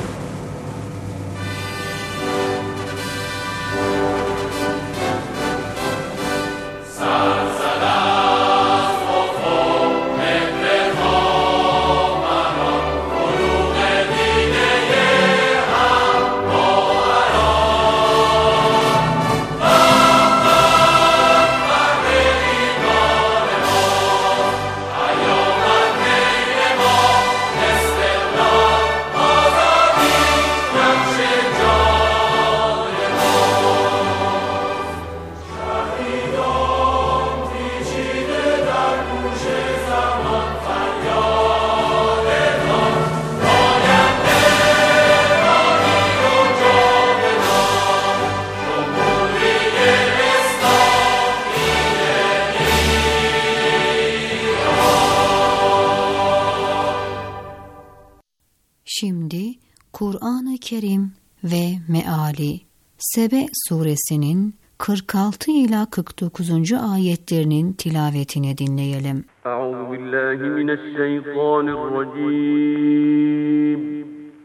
Sebe suresinin 46 ila 49. ayetlerinin tilavetini dinleyelim.
Euzu billahi mineşşeytanirracim.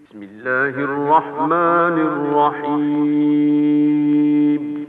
Bismillahirrahmanirrahim.